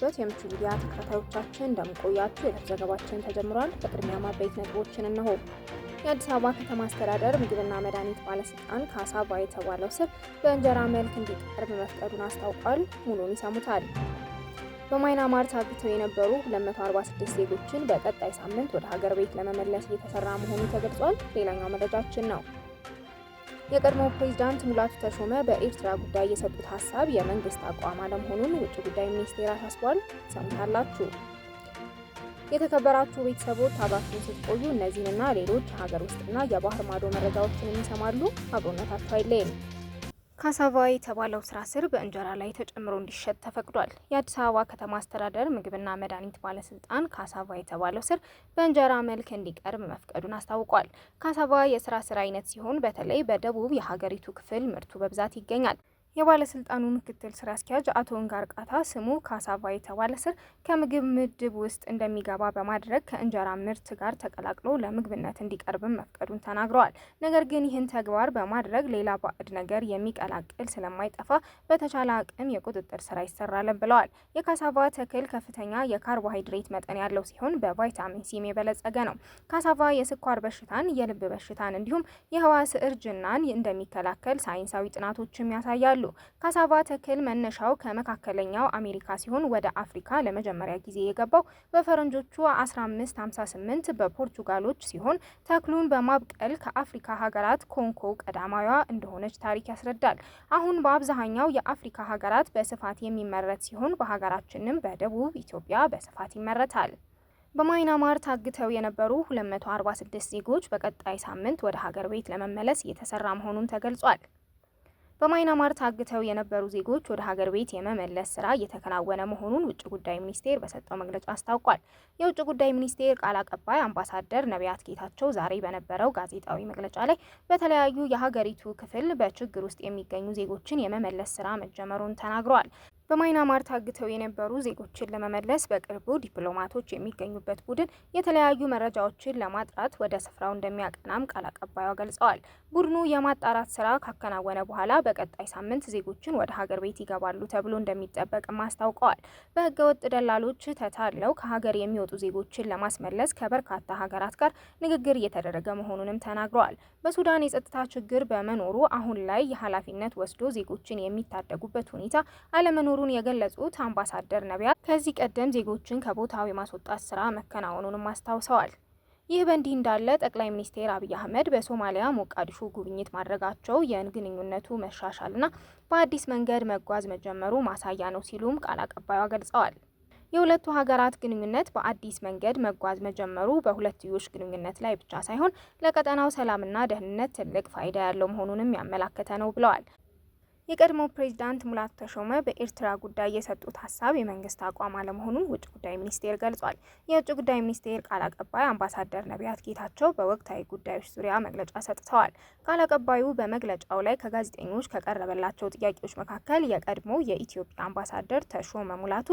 በያላችሁበት የምቹ ሚዲያ ተከታታዮቻችን እንደምቆያችሁ የዕለት ዘገባችን ተጀምሯል። በቅድሚያ አበይት ነጥቦችን እነሆ። የአዲስ አበባ ከተማ አስተዳደር ምግብና መድኃኒት ባለስልጣን ካሳቫ የተባለው ስር በእንጀራ መልክ እንዲቀርብ መፍቀዱን አስታውቋል። ሙሉን ይሰሙታል። በማይናማር ታግተው የነበሩ 246 ዜጎችን በቀጣይ ሳምንት ወደ ሀገር ቤት ለመመለስ እየተሰራ መሆኑ ተገልጿል። ሌላኛው መረጃችን ነው። የቀድሞው ፕሬዚዳንት ሙላቱ ተሾመ በኤርትራ ጉዳይ የሰጡት ሀሳብ የመንግስት አቋም አለመሆኑን ውጭ ጉዳይ ሚኒስቴር አሳስቧል። ሰምታላችሁ። የተከበራችሁ ቤተሰቦች አብራችሁን ስትቆዩ እነዚህንና ሌሎች ሀገር ውስጥና የባህር ማዶ መረጃዎችን ይሰማሉ። አብሮነታችሁ አይለይም። ካሳቫ የተባለው ስራ ስር በእንጀራ ላይ ተጨምሮ እንዲሸጥ ተፈቅዷል። የአዲስ አበባ ከተማ አስተዳደር ምግብና መድኃኒት ባለስልጣን ካሳቫ የተባለው ስር በእንጀራ መልክ እንዲቀርብ መፍቀዱን አስታውቋል። ካሳቫ የስራ ስር አይነት ሲሆን በተለይ በደቡብ የሀገሪቱ ክፍል ምርቱ በብዛት ይገኛል። የባለስልጣኑ ምክትል ስራ አስኪያጅ አቶ እንጋርቃታ ስሙ ካሳቫ የተባለ ስር ከምግብ ምድብ ውስጥ እንደሚገባ በማድረግ ከእንጀራ ምርት ጋር ተቀላቅሎ ለምግብነት እንዲቀርብም መፍቀዱን ተናግረዋል። ነገር ግን ይህን ተግባር በማድረግ ሌላ ባዕድ ነገር የሚቀላቅል ስለማይጠፋ በተቻለ አቅም የቁጥጥር ስራ ይሰራልን ብለዋል። የካሳቫ ተክል ከፍተኛ የካርቦሃይድሬት መጠን ያለው ሲሆን በቫይታሚን ሲም የበለጸገ ነው። ካሳቫ የስኳር በሽታን፣ የልብ በሽታን እንዲሁም የህዋስ እርጅናን እንደሚከላከል ሳይንሳዊ ጥናቶችም ያሳያሉ። ይገኛሉ። ካሳቫ ተክል መነሻው ከመካከለኛው አሜሪካ ሲሆን ወደ አፍሪካ ለመጀመሪያ ጊዜ የገባው በፈረንጆቹ 1558 በፖርቱጋሎች ሲሆን ተክሉን በማብቀል ከአፍሪካ ሀገራት ኮንኮ ቀዳማዋ እንደሆነች ታሪክ ያስረዳል። አሁን በአብዛኛው የአፍሪካ ሀገራት በስፋት የሚመረት ሲሆን በሀገራችንም በደቡብ ኢትዮጵያ በስፋት ይመረታል። በማይናማር ታግተው የነበሩ 246 ዜጎች በቀጣይ ሳምንት ወደ ሀገር ቤት ለመመለስ እየተሰራ መሆኑን ተገልጿል። በማይናማር ታግተው የነበሩ ዜጎች ወደ ሀገር ቤት የመመለስ ስራ እየተከናወነ መሆኑን ውጭ ጉዳይ ሚኒስቴር በሰጠው መግለጫ አስታውቋል። የውጭ ጉዳይ ሚኒስቴር ቃል አቀባይ አምባሳደር ነቢያት ጌታቸው ዛሬ በነበረው ጋዜጣዊ መግለጫ ላይ በተለያዩ የሀገሪቱ ክፍል በችግር ውስጥ የሚገኙ ዜጎችን የመመለስ ስራ መጀመሩን ተናግረዋል። በማይናማር ታግተው የነበሩ ዜጎችን ለመመለስ በቅርቡ ዲፕሎማቶች የሚገኙበት ቡድን የተለያዩ መረጃዎችን ለማጥራት ወደ ስፍራው እንደሚያቀናም ቃል አቀባዩ ገልጸዋል። ቡድኑ የማጣራት ስራ ካከናወነ በኋላ በቀጣይ ሳምንት ዜጎችን ወደ ሀገር ቤት ይገባሉ ተብሎ እንደሚጠበቅም አስታውቀዋል። በህገወጥ ደላሎች ተታለው ከሀገር የሚወጡ ዜጎችን ለማስመለስ ከበርካታ ሀገራት ጋር ንግግር እየተደረገ መሆኑንም ተናግረዋል። በሱዳን የጸጥታ ችግር በመኖሩ አሁን ላይ የኃላፊነት ወስዶ ዜጎችን የሚታደጉበት ሁኔታ አለመኖሩ መኖሩን የገለጹት አምባሳደር ነቢያት ከዚህ ቀደም ዜጎችን ከቦታው የማስወጣት ስራ መከናወኑንም አስታውሰዋል። ይህ በእንዲህ እንዳለ ጠቅላይ ሚኒስትር አብይ አህመድ በሶማሊያ ሞቃዲሾ ጉብኝት ማድረጋቸው የግንኙነቱ መሻሻል መሻሻልና በአዲስ መንገድ መጓዝ መጀመሩ ማሳያ ነው ሲሉም ቃል አቀባዩ ገልጸዋል። የሁለቱ ሀገራት ግንኙነት በአዲስ መንገድ መጓዝ መጀመሩ በሁለትዮሽ ግንኙነት ላይ ብቻ ሳይሆን ለቀጠናው ሰላምና ደህንነት ትልቅ ፋይዳ ያለው መሆኑንም ያመላከተ ነው ብለዋል። የቀድሞ ፕሬዚዳንት ሙላት ተሾመ በኤርትራ ጉዳይ የሰጡት ሀሳብ የመንግስት አቋም አለመሆኑን ውጭ ጉዳይ ሚኒስቴር ገልጿል። የውጭ ጉዳይ ሚኒስቴር ቃል አቀባይ አምባሳደር ነቢያት ጌታቸው በወቅታዊ ጉዳዮች ዙሪያ መግለጫ ሰጥተዋል። ቃል አቀባዩ በመግለጫው ላይ ከጋዜጠኞች ከቀረበላቸው ጥያቄዎች መካከል የቀድሞ የኢትዮጵያ አምባሳደር ተሾመ ሙላቱ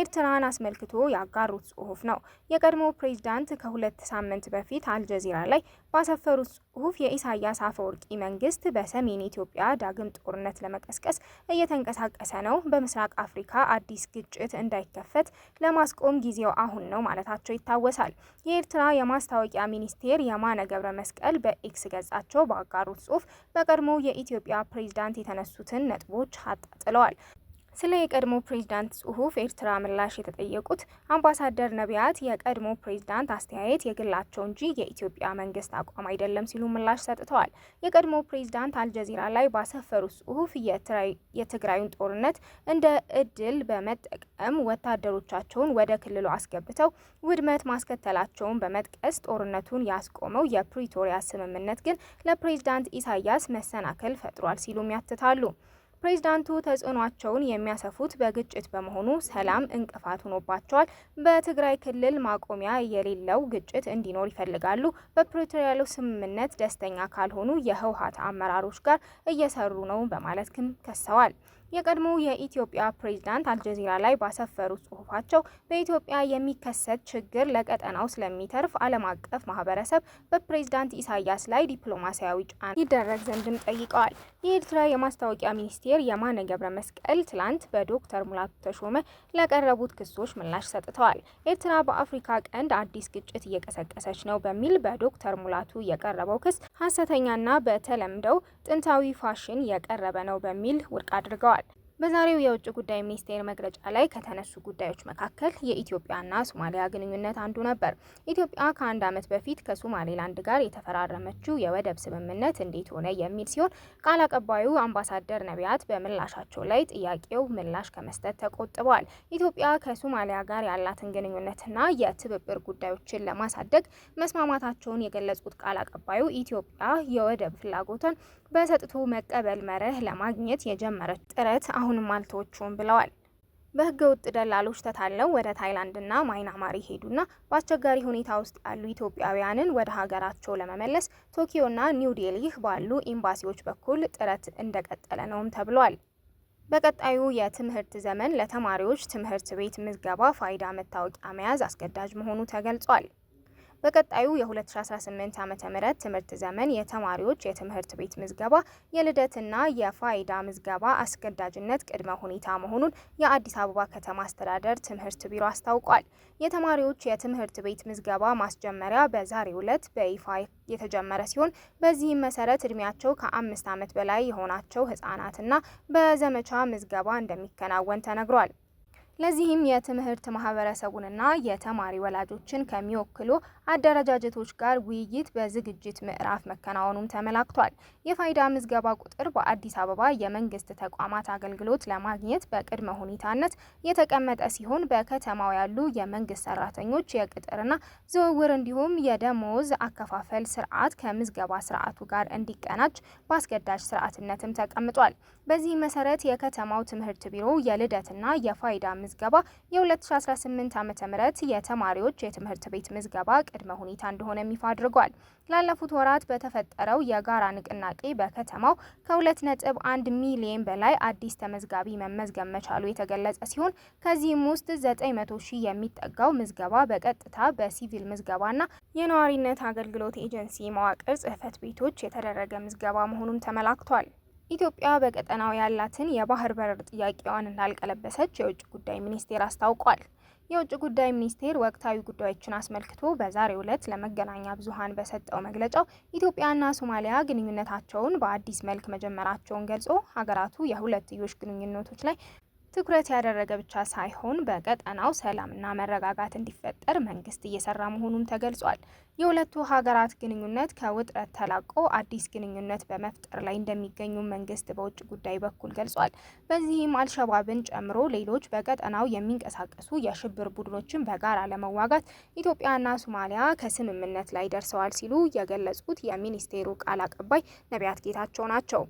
ኤርትራን አስመልክቶ ያጋሩት ጽሁፍ ነው። የቀድሞ ፕሬዚዳንት ከሁለት ሳምንት በፊት አልጀዚራ ላይ ባሰፈሩት ጽሁፍ የኢሳያስ አፈወርቂ መንግስት በሰሜን ኢትዮጵያ ዳግም ጦርነት ለመቀስቀስ እየተንቀሳቀሰ ነው፣ በምስራቅ አፍሪካ አዲስ ግጭት እንዳይከፈት ለማስቆም ጊዜው አሁን ነው ማለታቸው ይታወሳል። የኤርትራ የማስታወቂያ ሚኒስቴር የማነ ገብረ መስቀል በኤክስ ገጻቸው ባጋሩት ጽሁፍ በቀድሞ የኢትዮጵያ ፕሬዚዳንት የተነሱትን ነጥቦች አጣጥለዋል። ስለ የቀድሞ ፕሬዝዳንት ጽሁፍ ኤርትራ ምላሽ የተጠየቁት አምባሳደር ነቢያት የቀድሞ ፕሬዝዳንት አስተያየት የግላቸው እንጂ የኢትዮጵያ መንግስት አቋም አይደለም ሲሉ ምላሽ ሰጥተዋል። የቀድሞ ፕሬዝዳንት አልጀዚራ ላይ ባሰፈሩት ጽሁፍ የትግራዩን ጦርነት እንደ እድል በመጠቀም ወታደሮቻቸውን ወደ ክልሉ አስገብተው ውድመት ማስከተላቸውን በመጥቀስ ጦርነቱን ያስቆመው የፕሪቶሪያ ስምምነት ግን ለፕሬዝዳንት ኢሳያስ መሰናክል ፈጥሯል ሲሉም ያትታሉ። ፕሬዝዳንቱ ተጽዕኖቸውን የሚያሰፉት በግጭት በመሆኑ ሰላም እንቅፋት ሆኖባቸዋል። በትግራይ ክልል ማቆሚያ የሌለው ግጭት እንዲኖር ይፈልጋሉ። በፕሪቶሪያው ስምምነት ደስተኛ ካልሆኑ የህወሀት አመራሮች ጋር እየሰሩ ነው በማለት ከሰዋል። የቀድሞ የኢትዮጵያ ፕሬዝዳንት አልጀዚራ ላይ ባሰፈሩት ጽሁፋቸው በኢትዮጵያ የሚከሰት ችግር ለቀጠናው ስለሚተርፍ ዓለም አቀፍ ማህበረሰብ በፕሬዝዳንት ኢሳያስ ላይ ዲፕሎማሲያዊ ጫና ይደረግ ዘንድም ጠይቀዋል። የኤርትራ የማስታወቂያ ሚኒስቴር የማነ ገብረ መስቀል ትላንት በዶክተር ሙላቱ ተሾመ ለቀረቡት ክሶች ምላሽ ሰጥተዋል። ኤርትራ በአፍሪካ ቀንድ አዲስ ግጭት እየቀሰቀሰች ነው በሚል በዶክተር ሙላቱ የቀረበው ክስ ሀሰተኛና በተለምደው ጥንታዊ ፋሽን የቀረበ ነው በሚል ውድቅ አድርገዋል። በዛሬው የውጭ ጉዳይ ሚኒስቴር መግለጫ ላይ ከተነሱ ጉዳዮች መካከል የኢትዮጵያና ሶማሊያ ግንኙነት አንዱ ነበር። ኢትዮጵያ ከአንድ ዓመት በፊት ከሶማሌላንድ ጋር የተፈራረመችው የወደብ ስምምነት እንዴት ሆነ የሚል ሲሆን ቃል አቀባዩ አምባሳደር ነቢያት በምላሻቸው ላይ ጥያቄው ምላሽ ከመስጠት ተቆጥበዋል። ኢትዮጵያ ከሶማሊያ ጋር ያላትን ግንኙነትና የትብብር ጉዳዮችን ለማሳደግ መስማማታቸውን የገለጹት ቃል አቀባዩ ኢትዮጵያ የወደብ ፍላጎቷን በሰጥቶ መቀበል መርህ ለማግኘት የጀመረች ጥረት አሁንም አልተወችውም ብለዋል። በህገ ወጥ ደላሎች ተታለው ወደ ታይላንድና ማይናማር ሄዱና በአስቸጋሪ ሁኔታ ውስጥ ያሉ ኢትዮጵያውያንን ወደ ሀገራቸው ለመመለስ ቶኪዮና ኒው ዴሊህ ባሉ ኤምባሲዎች በኩል ጥረት እንደቀጠለ ነውም ተብሏል። በቀጣዩ የትምህርት ዘመን ለተማሪዎች ትምህርት ቤት ምዝገባ ፋይዳ መታወቂያ መያዝ አስገዳጅ መሆኑ ተገልጿል። በቀጣዩ የ2018 ዓ.ም ትምህርት ዘመን የተማሪዎች የትምህርት ቤት ምዝገባ የልደትና የፋይዳ ምዝገባ አስገዳጅነት ቅድመ ሁኔታ መሆኑን የአዲስ አበባ ከተማ አስተዳደር ትምህርት ቢሮ አስታውቋል። የተማሪዎች የትምህርት ቤት ምዝገባ ማስጀመሪያ በዛሬው ዕለት በይፋ የተጀመረ ሲሆን በዚህም መሰረት እድሜያቸው ከአምስት ዓመት በላይ የሆናቸው ህጻናትና በዘመቻ ምዝገባ እንደሚከናወን ተነግሯል። ለዚህም የትምህርት ማህበረሰቡንና የተማሪ ወላጆችን ከሚወክሉ አደረጃጀቶች ጋር ውይይት በዝግጅት ምዕራፍ መከናወኑም ተመላክቷል። የፋይዳ ምዝገባ ቁጥር በአዲስ አበባ የመንግስት ተቋማት አገልግሎት ለማግኘት በቅድመ ሁኔታነት የተቀመጠ ሲሆን በከተማው ያሉ የመንግስት ሰራተኞች የቅጥርና ዝውውር እንዲሁም የደሞዝ አከፋፈል ስርዓት ከምዝገባ ስርዓቱ ጋር እንዲቀናጅ በአስገዳጅ ስርዓትነትም ተቀምጧል። በዚህ መሰረት የከተማው ትምህርት ቢሮ የልደትና የፋይዳ ምዝገባ የ2018 ዓ ም የተማሪዎች የትምህርት ቤት ምዝገባ ቅድመ ሁኔታ እንደሆነ ይፋ አድርጓል። ላለፉት ወራት በተፈጠረው የጋራ ንቅናቄ በከተማው ከ2.1 ሚሊዮን በላይ አዲስ ተመዝጋቢ መመዝገብ መቻሉ የተገለጸ ሲሆን ከዚህም ውስጥ 900 ሺህ የሚጠጋው ምዝገባ በቀጥታ በሲቪል ምዝገባና የነዋሪነት አገልግሎት ኤጀንሲ መዋቅር ጽህፈት ቤቶች የተደረገ ምዝገባ መሆኑን ተመላክቷል። ኢትዮጵያ በቀጠናው ያላትን የባህር በር ጥያቄዋን እንዳልቀለበሰች የውጭ ጉዳይ ሚኒስቴር አስታውቋል። የውጭ ጉዳይ ሚኒስቴር ወቅታዊ ጉዳዮችን አስመልክቶ በዛሬው ዕለት ለመገናኛ ብዙሃን በሰጠው መግለጫው ኢትዮጵያና ሶማሊያ ግንኙነታቸውን በአዲስ መልክ መጀመራቸውን ገልጾ ሀገራቱ የሁለትዮሽ ግንኙነቶች ላይ ትኩረት ያደረገ ብቻ ሳይሆን በቀጠናው ሰላምና መረጋጋት እንዲፈጠር መንግስት እየሰራ መሆኑም ተገልጿል። የሁለቱ ሀገራት ግንኙነት ከውጥረት ተላቆ አዲስ ግንኙነት በመፍጠር ላይ እንደሚገኙ መንግስት በውጭ ጉዳይ በኩል ገልጿል። በዚህም አልሸባብን ጨምሮ ሌሎች በቀጠናው የሚንቀሳቀሱ የሽብር ቡድኖችን በጋራ ለመዋጋት ኢትዮጵያና ሶማሊያ ከስምምነት ላይ ደርሰዋል ሲሉ የገለጹት የሚኒስቴሩ ቃል አቀባይ ነቢያት ጌታቸው ናቸው።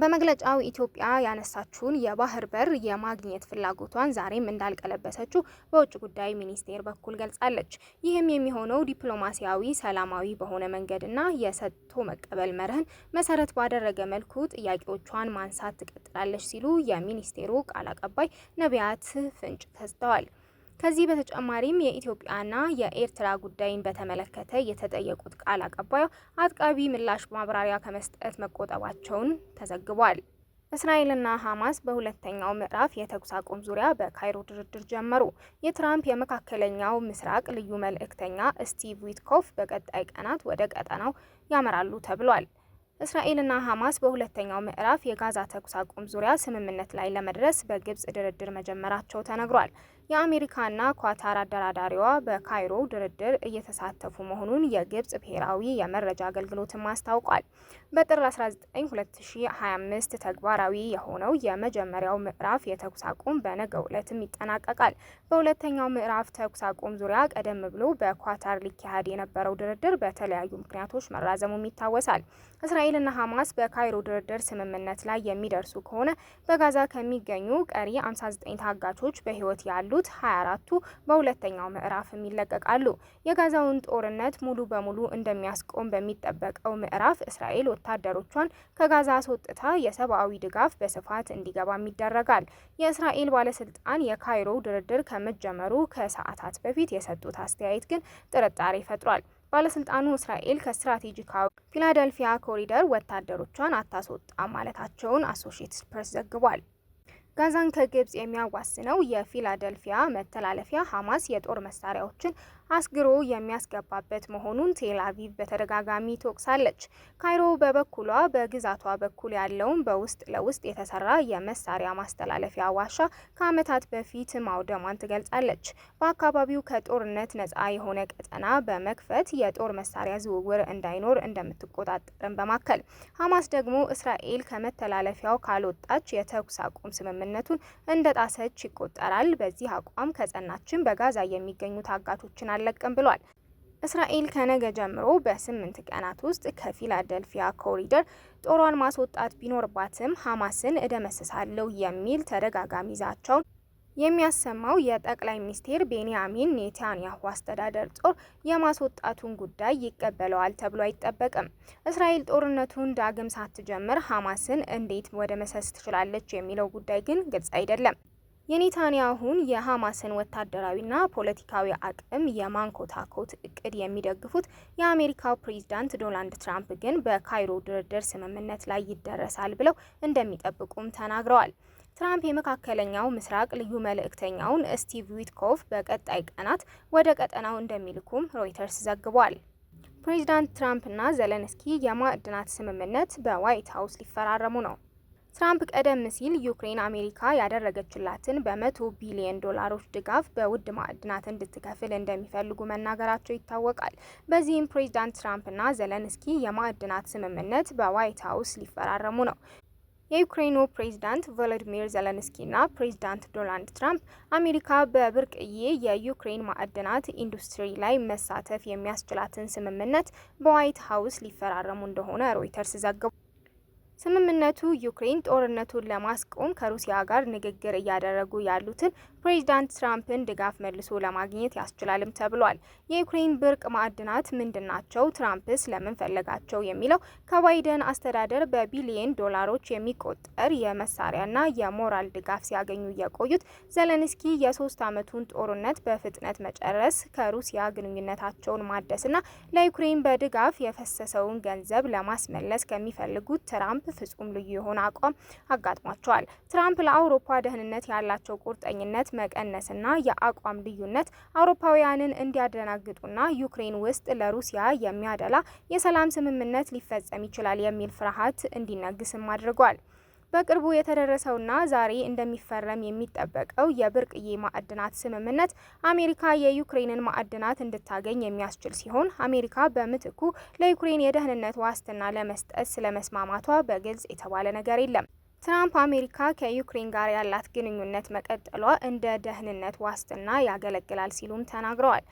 በመግለጫው ኢትዮጵያ ያነሳችውን የባህር በር የማግኘት ፍላጎቷን ዛሬም እንዳልቀለበሰችው በውጭ ጉዳይ ሚኒስቴር በኩል ገልጻለች። ይህም የሚሆነው ዲፕሎማሲያዊ፣ ሰላማዊ በሆነ መንገድና የሰጥቶ መቀበል መርህን መሰረት ባደረገ መልኩ ጥያቄዎቿን ማንሳት ትቀጥላለች ሲሉ የሚኒስቴሩ ቃል አቀባይ ነቢያት ፍንጭ ተስተዋል። ከዚህ በተጨማሪም የኢትዮጵያና የኤርትራ ጉዳይን በተመለከተ የተጠየቁት ቃል አቀባዩ አጥቃቢ ምላሽ ማብራሪያ ከመስጠት መቆጠባቸውን ተዘግቧል። እስራኤልና ሐማስ በሁለተኛው ምዕራፍ የተኩስ አቁም ዙሪያ በካይሮ ድርድር ጀመሩ። የትራምፕ የመካከለኛው ምስራቅ ልዩ መልእክተኛ ስቲቭ ዊትኮፍ በቀጣይ ቀናት ወደ ቀጠናው ያመራሉ ተብሏል። እስራኤልና ሐማስ በሁለተኛው ምዕራፍ የጋዛ ተኩስ አቁም ዙሪያ ስምምነት ላይ ለመድረስ በግብጽ ድርድር መጀመራቸው ተነግሯል። የአሜሪካና ኳታር አደራዳሪዋ በካይሮ ድርድር እየተሳተፉ መሆኑን የግብጽ ብሔራዊ የመረጃ አገልግሎትም አስታውቋል። በጥር 19 2025 ተግባራዊ የሆነው የመጀመሪያው ምዕራፍ የተኩስ አቁም በነገው ዕለትም ይጠናቀቃል። በሁለተኛው ምዕራፍ ተኩስ አቁም ዙሪያ ቀደም ብሎ በኳታር ሊካሄድ የነበረው ድርድር በተለያዩ ምክንያቶች መራዘሙም ይታወሳል። እስራኤልና ሐማስ በካይሮ ድርድር ስምምነት ላይ የሚደርሱ ከሆነ በጋዛ ከሚገኙ ቀሪ 59 ታጋቾች በሕይወት ያሉ ያሉት 24ቱ በሁለተኛው ምዕራፍም ይለቀቃሉ። የጋዛውን ጦርነት ሙሉ በሙሉ እንደሚያስቆም በሚጠበቀው ምዕራፍ እስራኤል ወታደሮቿን ከጋዛ አስወጥታ የሰብአዊ ድጋፍ በስፋት እንዲገባም ይደረጋል። የእስራኤል ባለስልጣን የካይሮ ድርድር ከመጀመሩ ከሰዓታት በፊት የሰጡት አስተያየት ግን ጥርጣሬ ፈጥሯል። ባለስልጣኑ እስራኤል ከስትራቴጂካዊ ፊላደልፊያ ኮሪደር ወታደሮቿን አታስወጣ ማለታቸውን አሶሺየትድ ፕሬስ ዘግቧል። ጋዛን ከግብጽ የሚያዋስነው የፊላደልፊያ መተላለፊያ ሐማስ የጦር መሳሪያዎችን አስግሮ የሚያስገባበት መሆኑን ቴላቪቭ በተደጋጋሚ ትወቅሳለች። ካይሮ በበኩሏ በግዛቷ በኩል ያለውን በውስጥ ለውስጥ የተሰራ የመሳሪያ ማስተላለፊያ ዋሻ ከዓመታት በፊት ማውደሟን ትገልጻለች። በአካባቢው ከጦርነት ነፃ የሆነ ቀጠና በመክፈት የጦር መሳሪያ ዝውውር እንዳይኖር እንደምትቆጣጠርን በማከል ሐማስ ደግሞ እስራኤል ከመተላለፊያው ካልወጣች የተኩስ አቁም ስምምነቱን እንደጣሰች ይቆጠራል። በዚህ አቋም ከጸናችን በጋዛ የሚገኙ ታጋቾችን አለቅም ብሏል። እስራኤል ከነገ ጀምሮ በስምንት ቀናት ውስጥ ከፊላደልፊያ ኮሪደር ጦሯን ማስወጣት ቢኖርባትም ሐማስን እደመስሳለሁ የሚል ተደጋጋሚ ዛቻውን የሚያሰማው የጠቅላይ ሚኒስትር ቤንያሚን ኔታንያሁ አስተዳደር ጦር የማስወጣቱን ጉዳይ ይቀበለዋል ተብሎ አይጠበቅም። እስራኤል ጦርነቱን ዳግም ሳትጀምር ሐማስን እንዴት ወደ መሰስ ትችላለች የሚለው ጉዳይ ግን ግልጽ አይደለም። የኔታንያሁን የሐማስን ወታደራዊና ፖለቲካዊ አቅም የማንኮታኮት እቅድ የሚደግፉት የአሜሪካው ፕሬዝዳንት ዶናልድ ትራምፕ ግን በካይሮ ድርድር ስምምነት ላይ ይደረሳል ብለው እንደሚጠብቁም ተናግረዋል። ትራምፕ የመካከለኛው ምስራቅ ልዩ መልእክተኛውን ስቲቭ ዊትኮቭ በቀጣይ ቀናት ወደ ቀጠናው እንደሚልኩም ሮይተርስ ዘግቧል። ፕሬዝዳንት ትራምፕና ዘለንስኪ የማዕድናት ስምምነት በዋይት ሀውስ ሊፈራረሙ ነው። ትራምፕ ቀደም ሲል ዩክሬን አሜሪካ ያደረገችላትን በመቶ ቢሊዮን ዶላሮች ድጋፍ በውድ ማዕድናት እንድትከፍል እንደሚፈልጉ መናገራቸው ይታወቃል። በዚህም ፕሬዚዳንት ትራምፕና ዘለንስኪ የማዕድናት ስምምነት በዋይት ሀውስ ሊፈራረሙ ነው። የዩክሬኑ ፕሬዚዳንት ቮሎዲሚር ዘለንስኪና ፕሬዚዳንት ዶናልድ ትራምፕ አሜሪካ በብርቅዬ የዩክሬን ማዕድናት ኢንዱስትሪ ላይ መሳተፍ የሚያስችላትን ስምምነት በዋይት ሀውስ ሊፈራረሙ እንደሆነ ሮይተርስ ዘግቧል። ስምምነቱ ዩክሬን ጦርነቱን ለማስቆም ከሩሲያ ጋር ንግግር እያደረጉ ያሉትን ፕሬዚዳንት ትራምፕን ድጋፍ መልሶ ለማግኘት ያስችላልም ተብሏል። የዩክሬን ብርቅ ማዕድናት ምንድን ናቸው? ትራምፕስ ለምን ፈለጋቸው? የሚለው ከባይደን አስተዳደር በቢሊየን ዶላሮች የሚቆጠር የመሳሪያና የሞራል ድጋፍ ሲያገኙ የቆዩት ዘለንስኪ የሶስት ዓመቱን ጦርነት በፍጥነት መጨረስ ከሩሲያ ግንኙነታቸውን ማደስና ለዩክሬን በድጋፍ የፈሰሰውን ገንዘብ ለማስመለስ ከሚፈልጉት ትራምፕ ፍጹም ልዩ የሆነ አቋም አጋጥሟቸዋል። ትራምፕ ለአውሮፓ ደህንነት ያላቸው ቁርጠኝነት መቀነስና የአቋም ልዩነት አውሮፓውያንን እንዲያደናግጡና ዩክሬን ውስጥ ለሩሲያ የሚያደላ የሰላም ስምምነት ሊፈጸም ይችላል የሚል ፍርሃት እንዲነግስም አድርጓል። በቅርቡ የተደረሰውና ዛሬ እንደሚፈረም የሚጠበቀው የብርቅዬ ማዕድናት ስምምነት አሜሪካ የዩክሬንን ማዕድናት እንድታገኝ የሚያስችል ሲሆን አሜሪካ በምትኩ ለዩክሬን የደህንነት ዋስትና ለመስጠት ስለመስማማቷ በግልጽ የተባለ ነገር የለም። ትራምፕ አሜሪካ ከዩክሬን ጋር ያላት ግንኙነት መቀጠሏ እንደ ደህንነት ዋስትና ያገለግላል ሲሉም ተናግረዋል።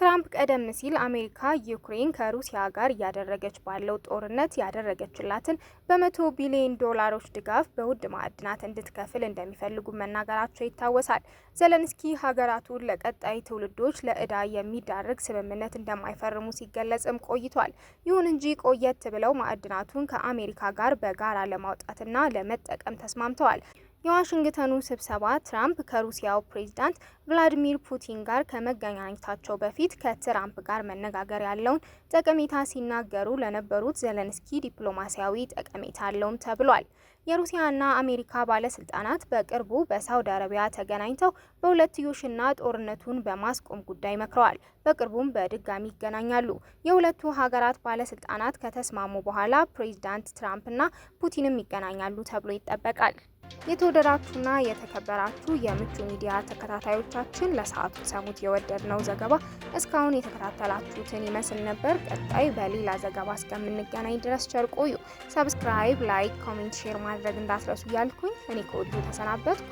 ትራምፕ ቀደም ሲል አሜሪካ ዩክሬን ከሩሲያ ጋር እያደረገች ባለው ጦርነት ያደረገችላትን በመቶ ቢሊዮን ዶላሮች ድጋፍ በውድ ማዕድናት እንድትከፍል እንደሚፈልጉ መናገራቸው ይታወሳል። ዘለንስኪ ሀገራቱን ለቀጣይ ትውልዶች ለዕዳ የሚዳርግ ስምምነት እንደማይፈርሙ ሲገለጽም ቆይቷል። ይሁን እንጂ ቆየት ብለው ማዕድናቱን ከአሜሪካ ጋር በጋራ ለማውጣትና ለመጠቀም ተስማምተዋል። የዋሽንግተኑ ስብሰባ ትራምፕ ከሩሲያው ፕሬዝዳንት ቭላዲሚር ፑቲን ጋር ከመገናኘታቸው በፊት ከትራምፕ ጋር መነጋገር ያለውን ጠቀሜታ ሲናገሩ ለነበሩት ዘለንስኪ ዲፕሎማሲያዊ ጠቀሜታ አለውም ተብሏል። የሩሲያና አሜሪካ ባለስልጣናት በቅርቡ በሳውዲ አረቢያ ተገናኝተው በሁለትዮሽና ጦርነቱን በማስቆም ጉዳይ መክረዋል። በቅርቡም በድጋሚ ይገናኛሉ። የሁለቱ ሀገራት ባለስልጣናት ከተስማሙ በኋላ ፕሬዝዳንት ትራምፕና ፑቲንም ይገናኛሉ ተብሎ ይጠበቃል። የተወደዳችሁና የተከበራችሁ የምቹ ሚዲያ ተከታታዮቻችን ለሰዓቱ ሰሙት የወደድነው ዘገባ እስካሁን የተከታተላችሁትን ይመስል ነበር። ቀጣይ በሌላ ዘገባ እስከምንገናኝ ድረስ ቸር ቆዩ። ሰብስክራይብ፣ ላይክ፣ ኮሜንት፣ ሼር ማድረግ እንዳትረሱ እያልኩኝ እኔ ከወዲሁ ተሰናበትኩ።